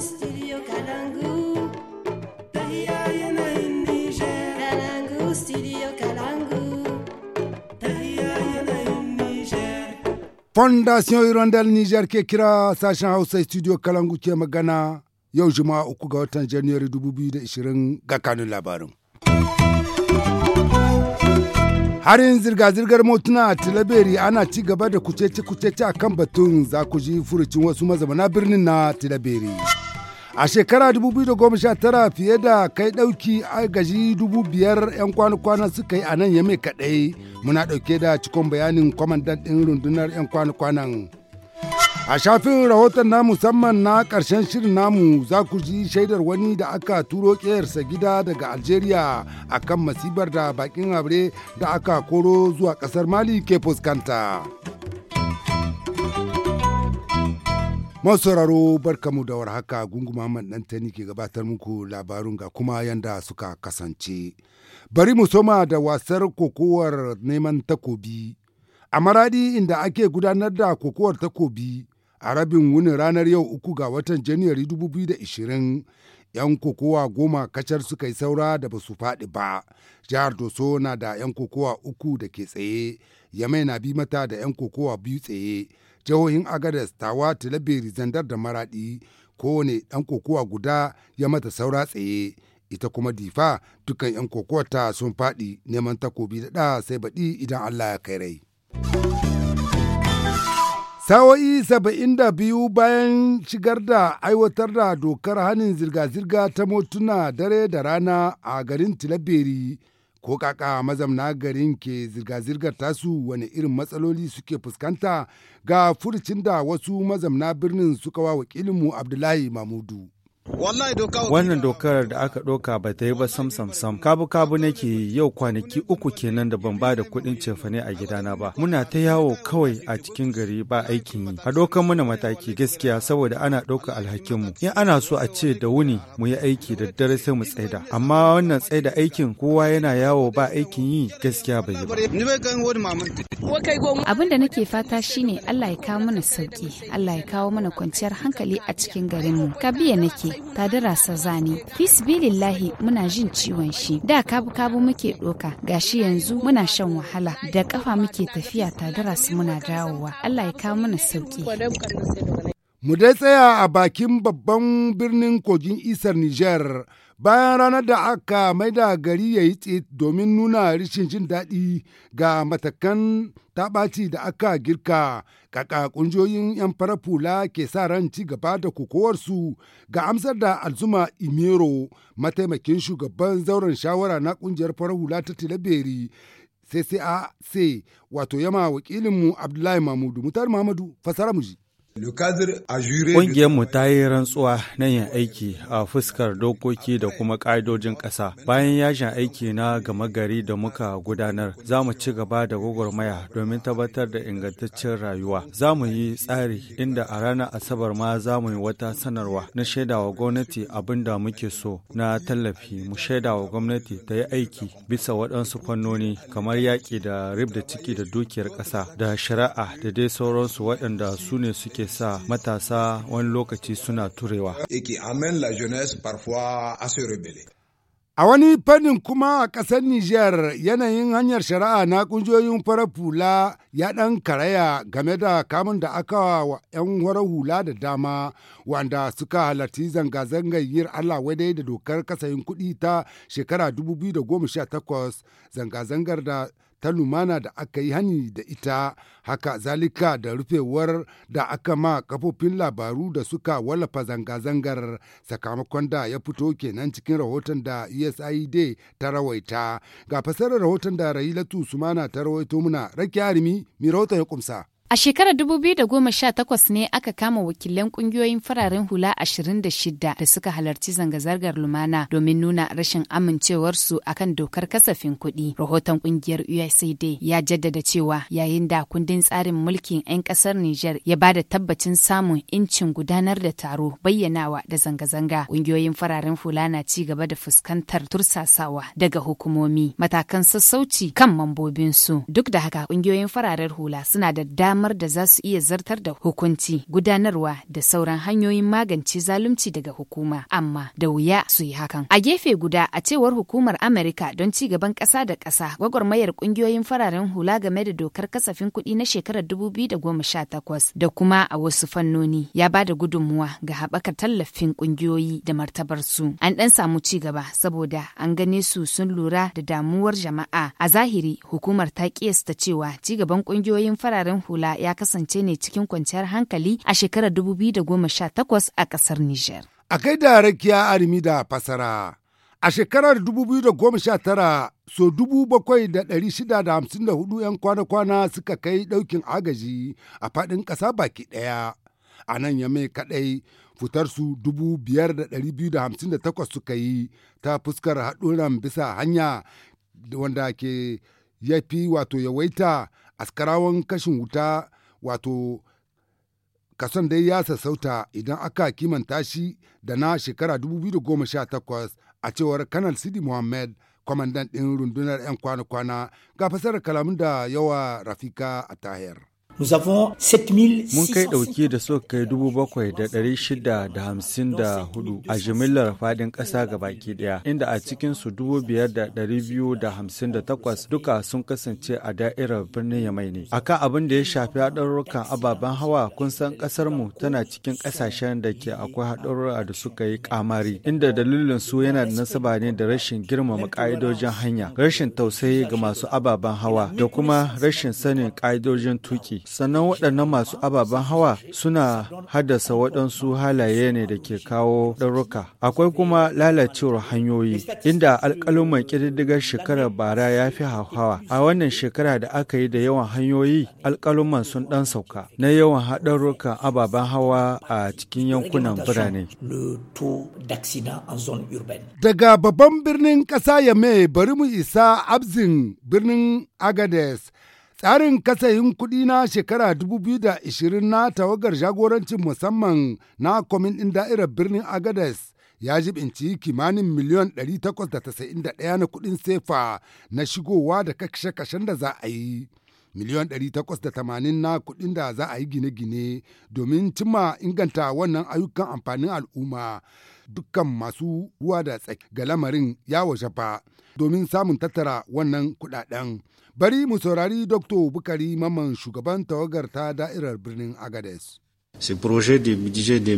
studio Fondation Hirondel Niger ke kira sashen Hausa studio Kalangu ke magana yau Juma'a uku ga watan Janairu 2020 ga kanun labarin. har yin zirga-zirgar motuna a tilaberi ana ci gaba da kucece-kucece a kan batun za ku ji furucin wasu mazamana birnin na tilaberi a shekara 2019 fiye da kai ɗauki gaji 5,000 'yan kwana-kwana suka yi a nan mai kaɗai muna ɗauke da cikon bayanin kwamandan ɗin rundunar 'yan kwana-kwanan A shafin rahoton na musamman na ƙarshen shirin namu za ku ji shaidar wani da aka turo ƙeyarsa gida daga Algeria a kan masibar da bakin habre da aka koro zuwa ƙasar Mali ke fuskanta. masauraro barkamu da warhaka gungu Muhammad Dantani ke gabatar muku labarun ga kuma yanda suka kasance. Bari mu soma da wasar kokowar neman takobi. A maradi inda ake gudanar da kokowar takobi, a rabin wuni ranar yau uku ga watan janairu 2020 'yan kokowa goma kacar suka yi saura da ba su faɗi ba jihar doso na da 'yan kokowa uku da ke tsaye yamai na bi mata da 'yan kokowa biyu tsaye jihohin agadas tawa tilabiri zandar da maradi kowane ɗan kokowa guda ya mata saura tsaye ita kuma difa dukkan 'yan ta sun faɗi neman takobi da sai baɗi idan allah ya kai rai. sawa'i saba'in da biyu bayan shigar da aiwatar da dokar hannun zirga-zirga ta motuna dare da rana a garin Tilaberi ko kaka mazamna garin ke zirga-zirgar tasu wani irin matsaloli suke fuskanta ga furcin da wasu mazamna birnin suka wa wakilinmu Abdullahi Mamudu. Wannan dokar da aka ɗauka ba ta yi ba sam sam sam. Kabu kabu nake yau kwanaki uku kenan da ban ba da kuɗin cefane a gidana ba. Muna ta yawo kawai a cikin gari ba aikin yi. A ɗaukar muna mataki gaskiya saboda ana ɗauka alhakinmu. In ana so a ce da wuni mu yi aiki da dare sai mu tsaida. Amma wannan tsaida aikin kowa yana yawo ba aikin yi gaskiya bai yi ba. Abin da nake fata shine Allah ya kawo mana sauki, Allah ya kawo mana kwanciyar hankali a cikin garinmu. Kabiya nake. ta darasa zane lillahi muna jin ciwon shi da kabu kabu muke doka gashi yanzu muna shan wahala da kafa muke tafiya ta muna dawowa Allah ya kawo mana sauki Mu dai tsaya a bakin babban birnin kogin isar Nijar bayan ranar da aka maida gari ya yi tsit domin nuna rishin jin daɗi ga matakan taɓaci da aka girka ƙaƙa ƙungiyoyin 'yan farar hula ke sa ran ci gaba da kokowarsu ga amsar da alzuma imero mataimakin shugaban zauren shawara na ƙungiyar farar hula ta tilaberi sai sai a wato yama wakilinmu abdullahi mamudu mutar mamadu fasara mu ji. mu ta yi rantsuwa na yin aiki a fuskar dokoki da kuma ƙa'idojin ƙasa. Bayan yajin aiki na gama gari da muka gudanar, za mu ci gaba da gwagwarmaya domin tabbatar da ingantaccen rayuwa. Za mu yi tsari inda a ranar Asabar ma za mu yi wata sanarwa na shaidawa gwamnati abin da muke so na tallafi mu shaidawa gwamnati ta yi aiki bisa waɗansu fannoni kamar yaƙi da rib da ciki da dukiyar ƙasa da shari'a da dai sauransu waɗanda su ne suke sa matasa wani lokaci suna turewa. A wani fannin kuma a ƙasar Nijar yanayin hanyar shari'a na ƙungiyoyin farar hula ya ɗan karaya game da kamun da aka wa 'yan farar hula da dama wanda suka halarci zanga-zangar yin Allah wadai da dokar kasayin kuɗi ta shekara 2018 zanga-zangar da ta lumana da aka yi hani da ita haka zalika da rufewar da aka ma kafofin labaru da suka wallafa zanga-zangar sakamakon da ya fito kenan cikin rahoton da usaid e ta rawaita ga fasarar rahoton da rayilatu sumana ta rawaito muna rakiya harimi mi rahoton ya kumsa A shekarar 2018 ne aka kama wakilan kungiyoyin fararen hula 26 da suka halarci zanga-zangar lumana domin nuna rashin amincewarsu akan dokar kasafin kuɗi. Rahoton kungiyar USAID ya jaddada cewa yayin da kundin tsarin mulkin 'yan ƙasar Nijar ya ba da tabbacin samun incin gudanar da taro bayyanawa da zanga-zanga. Kungiyoyin fararen hula na ci gaba da fuskantar tursasawa daga hukumomi matakan sassauci kan mambobinsu. Duk da haka kungiyoyin fararen hula suna da dama damar da za su iya zartar da hukunci gudanarwa da sauran hanyoyin magance zalunci daga hukuma amma da wuya su yi hakan a gefe guda a cewar hukumar amerika don ci gaban ƙasa da ƙasa gwagwarmayar ƙungiyoyin fararen hula game da dokar kasafin kuɗi na shekarar dubu biyu da goma sha takwas da kuma a wasu fannoni ya ba da gudunmuwa ga haɓakar tallafin ƙungiyoyi da martabarsu an ɗan samu ci gaba saboda an gane su sun lura da damuwar jama'a a zahiri hukumar ta kiyasta cewa ci gaban ƙungiyoyin fararen hula Bola ya kasance ne cikin kwanciyar hankali a shekarar 2018 a ƙasar Nijar. A kai da rakiya arimi da fasara. A shekarar 2019 so 7,654 'yan kwana-kwana suka kai ɗaukin agaji a faɗin ƙasa baki ɗaya. A nan ya mai kaɗai fitarsu 5,258 suka yi ta fuskar haɗuran bisa hanya wanda ke ya fi wato yawaita askarawan kashin wuta wato kason dai ya sassauta idan aka kimanta shi da na shekara 2018 a cewar kanal sidi muhammad kwamandan ɗin rundunar 'yan kwana-kwana ga fasarar kalamun da yawa rafika a tahir Mun kai ɗauki da suka kai dubu bakwai da dari shida da hamsin da hudu a jimillar faɗin ƙasa ga baki ɗaya, inda a cikinsu dubu biyar da dari biyu da hamsin da takwas duka sun kasance a da'irar birnin Yamai ne. a kan abin da ya shafi haɗarurrukan ababen hawa kun san ƙasar mu tana cikin ƙasashen da ke akwai haɗarurra da suka yi ƙamari, inda dalilin su yana da nasaba ne da rashin girmama ƙa'idojin hanya, rashin tausayi ga masu ababen hawa da kuma rashin sanin ƙa'idojin tuki. sannan waɗannan masu ababen hawa suna haddasa waɗansu halaye ne da ke kawo ɗarruka akwai kuma lalacewar hanyoyi inda alƙaluman ƙididdigar shekarar bara ya fi hauhawa a wannan shekara da aka yi da yawan hanyoyi alƙaluman sun ɗan sauka na yawan haɗarrukan ababen hawa a cikin yankunan birane daga babban birnin ƙasa ya mai bari mu isa abzin birnin agades Tsarin kasayin kuɗi na shekara 2020 na tawagar jagorancin musamman na kwamin ɗin da'irar birnin Agadez ya jibinci kimanin miliyon 891 na kuɗin sefa na shigowa da kashe-kashen da za a yi. miliyon 880 na kuɗin da za a yi gine-gine domin cimma inganta wannan ayyukan amfanin al'umma dukkan masu ruwa da tsaki ga lamarin yawo shafa domin samun tattara wannan kuɗaɗen. Bari mu saurari Dr. Bukari Maman shugaban tawagar ta da'irar birnin Agades.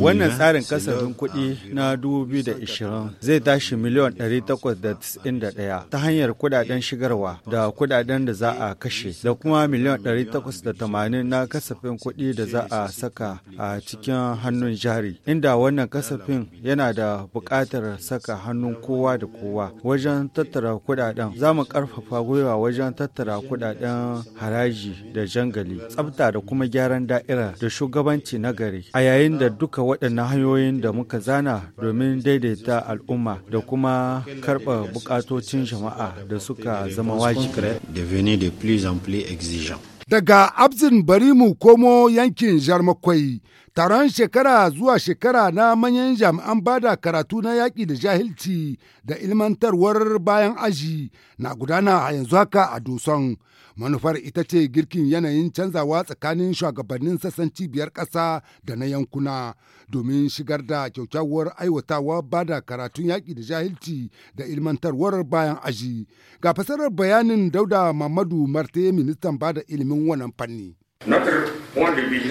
Wannan tsarin kasafin kuɗi na 2020 zai tashi miliyan 891 ta hanyar kuɗaɗen shigarwa da kudaden da za a kashe da kuma miliyan 880 na kasafin kuɗi da za a saka a cikin hannun jari. Inda wannan kasafin yana da buƙatar saka hannun kowa da kowa wajen tattara kudaden. Za mu ƙarfafa gwiwa wajen tattara kuɗaɗen haraji da jangali, tsafta da kuma gyaran da'ira da shugabanci na nagari a yayin da duka waɗannan hanyoyin da muka zana domin daidaita al'umma da kuma karɓa bukatocin jama'a da suka zama wajibi. Daga Abzin barimu mu komo yankin Jarmakwai, taron shekara zuwa shekara na manyan jami'an bada karatu na yaƙi da jahilci da ilmantarwar bayan aji na gudana a yanzu haka a dusan. Manufar ita ce girkin yanayin canzawa tsakanin shugabannin sassan cibiyar ƙasa da na yankuna domin shigar da kyaukyawar aiwatawa ba da karatun yaƙi da jahilci da ilmantarwar bayan aji. Ga fasarar bayanin Dauda Mamadu Marte ministan ba da ilimin wannan fanni.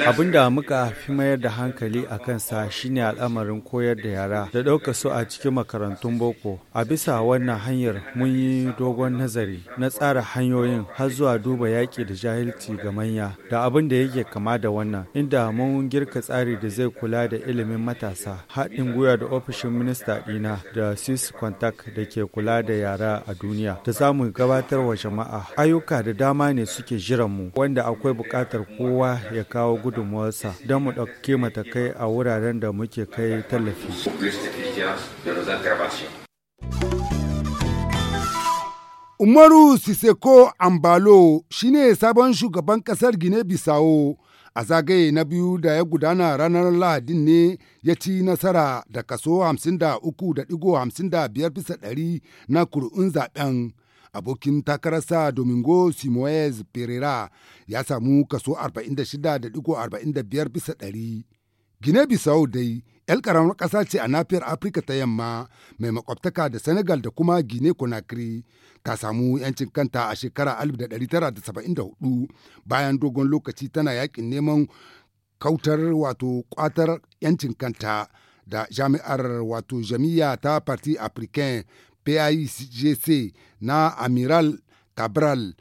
Abin da muka fi mayar da hankali a kansa shine al'amarin koyar da yara da ɗauka su a cikin makarantun boko. A bisa wannan hanyar mun yi dogon nazari na tsara hanyoyin har zuwa duba yaƙi da jahilci ga manya da abin da yake kama da wannan inda mun girka tsari da zai kula da ilimin matasa haɗin gwiwa da ofishin minista Dina da sis contact da ke kula da yara a duniya da za mu gabatar wa jama'a ayyuka da dama ne suke jiran mu wanda akwai buƙatar kowa ya kawo gudunmuwarsa don mu ɗauke matakai a wuraren da muke kai tallafi. Umaru Siseko Ambalo shi ne sabon shugaban ƙasar Gine-Bisawo. a zagaye na biyu da ya gudana ranar lahadin ne ya ci nasara da kaso 53.55 bisa ɗari na kuri'un zaben abokin takarar sa domingo simoes pereira ya samu kaso 46.45 bisa ɗari gine bisau dai 'yan ƙaramar ƙasa ce a nafiyar afirka ta yamma mai makwabtaka da senegal da kuma gine conakry ta samu 'yancin kanta a shekara 1974 bayan dogon lokaci tana yakin neman kautar wato kwatar 'yancin kanta da jami'ar wato jami'a ta parti africain PIGC na Amiral Cabral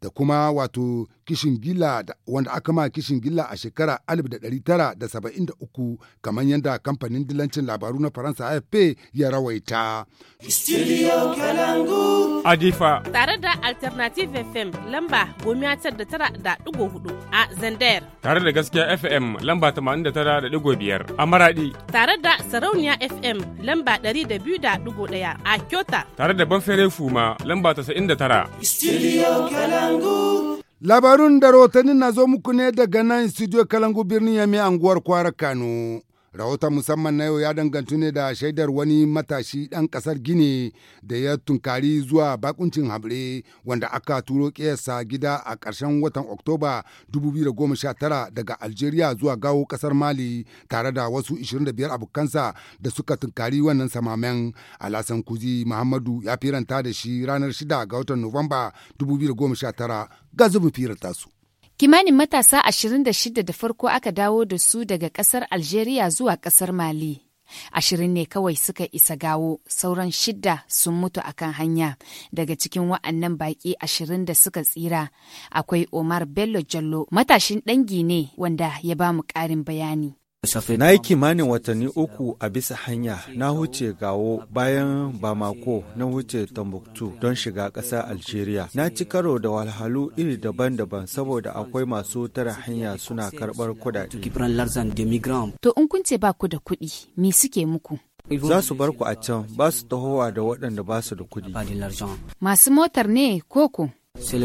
da kuma wato kishin gilla wanda aka ma kishin gilla a shekara 1973 kamar yadda kamfanin dilancin labaru na Faransa AFP ya rawaita. Studio Kalangu. Adifa. Tare da Alternative FM lamba gomiya da tara da digo hudu a zander. Tare da gaskiya FM lamba tamanin da tara da digo biyar a Maradi. Tare da Sarauniya FM lamba dari da biyu da digo ɗaya a Kyota. Tare da Banfere Fuma lamba tasa'in da tara. Studio Kalangu. Labarun da rotanin na zo muku ne daga nan studio Kalangu birnin ya mai anguwar Kwara Kano. rahoton musamman na yau ya dangantu ne da shaidar wani matashi ɗan ƙasar gini da ya tunkari zuwa bakuncin habre wanda aka turo ƙiyarsa gida a ƙarshen watan oktoba 2019 daga algeria zuwa gawo kasar mali tare da wasu 25 abokansa da suka tunkari wannan samamen alasan kuzi muhammadu ya firanta da shi ranar 6 ga watan nuwamba 2019 ga zubin firanta su Kimanin matasa 26 da farko aka dawo da su daga ƙasar Algeria zuwa ƙasar Mali. Ashirin ne kawai suka isa gawo, sauran shidda sun mutu a kan hanya. Daga cikin wa'annan baƙi ashirin da suka tsira, akwai Omar Bello Jallo, matashin dangi ne wanda ya ba mu ƙarin bayani. Na yi kimanin watanni uku a bisa hanya na huce gawo bayan Bamako na huce Tambuktu don shiga ƙasar Algeria. Na ci karo da walhalu iri daban-daban saboda akwai masu tara hanya suna karɓar kuɗaɗe. To in kun ce ba ku da kuɗi, me suke muku? za su bar ku a can ba su tahowa da waɗanda ba su da kuɗi. Masu motar ne koko?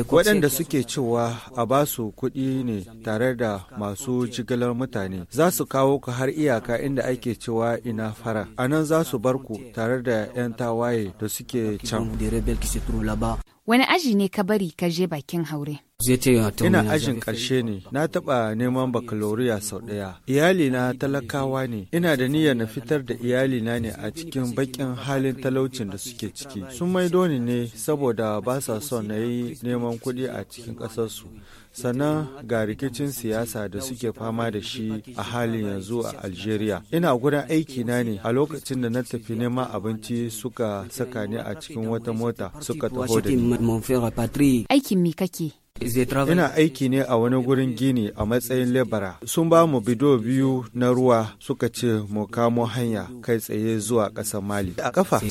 waɗanda suke cewa a ba su kuɗi ne tare da masu jigilar mutane za su kawo ku har iyaka inda ake cewa ina fara anan nan za su bar ku tare da 'yan tawaye da suke can Wani aji ne ka bari ka je bakin haure? Ina ajin ƙarshe ne, na taɓa neman bakaloriya sau ɗaya. Iyali na talakawa ne, ina da niyyar na fitar da iyali na ne a cikin baƙin halin talaucin da suke ciki. Sun maido ni ne saboda ba sa son na yi neman kuɗi a cikin ƙasarsu. sannan ga rikicin siyasa da suke fama da shi a halin yanzu a algeria ina gudan aiki na ne a lokacin da na tafi neman abinci suka saka ni a cikin wata mota suka taho da ni aikin me kake Ina aiki ne a wani gurin gini a matsayin lebara. Sun ba mu bido biyu na ruwa suka ce mu kamo hanya kai tsaye zuwa ƙasar Mali. A kafa.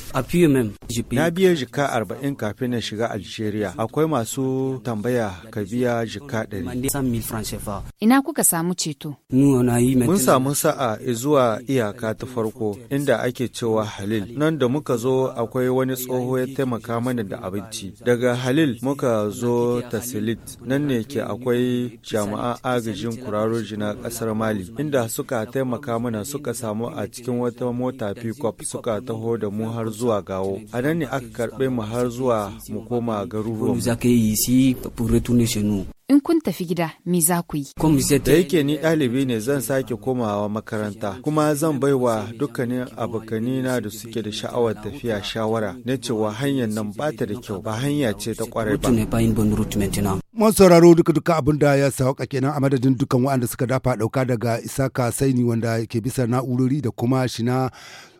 Na biya jika arba'in kafin na shiga Algeria. Akwai masu tambaya ka biya jika ɗari. Ina kuka samu ceto? Mun samu sa'a zuwa iyaka ta farko inda ake cewa Halil. Nan da muka zo akwai wani tsoho ya taimaka mana da abinci. Daga Halil muka zo Tasilit nan ne ke akwai jama'a agajin kuraroji na ƙasar Mali, inda suka taimaka mana suka samu a cikin wata mota pickup suka taho da mu har zuwa gawo. A nan ne aka karɓe mu har zuwa mu koma garuruwa in kun tafi gida me za ku yi? Da yake ni ɗalibi ne zan sake komawa makaranta kuma zan baiwa dukkanin abokanina da suke da sha'awar tafiya shawara na cewa hanyar nan ba ta da kyau ba hanya ce ta kwarai ba. Mun sauraro duka duka abin da ya sauka kenan a madadin dukkan waɗanda suka dafa ɗauka daga Isaka Saini wanda ke bisa na'urori da kuma shina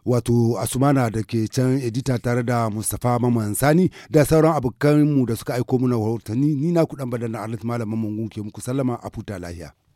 wato asumana da ke can edita tare da mustapha maman sani da sauran abokan mu da suka aiko mana wahotanni ni na kudan badan na alit malam mamman ke muku sallama a futa lahiya